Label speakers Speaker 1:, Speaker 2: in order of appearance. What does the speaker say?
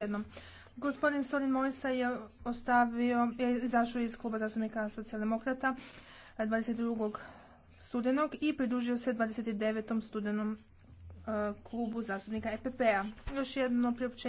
Speaker 1: jednom. Gospodin Solin Mojsa je ostavio, je izašao iz kluba zastupnika socijaldemokrata 22. Eh, studenog i pridružio se 29. studenom eh, klubu zastupnika EPP-a. Još jedno priopćenje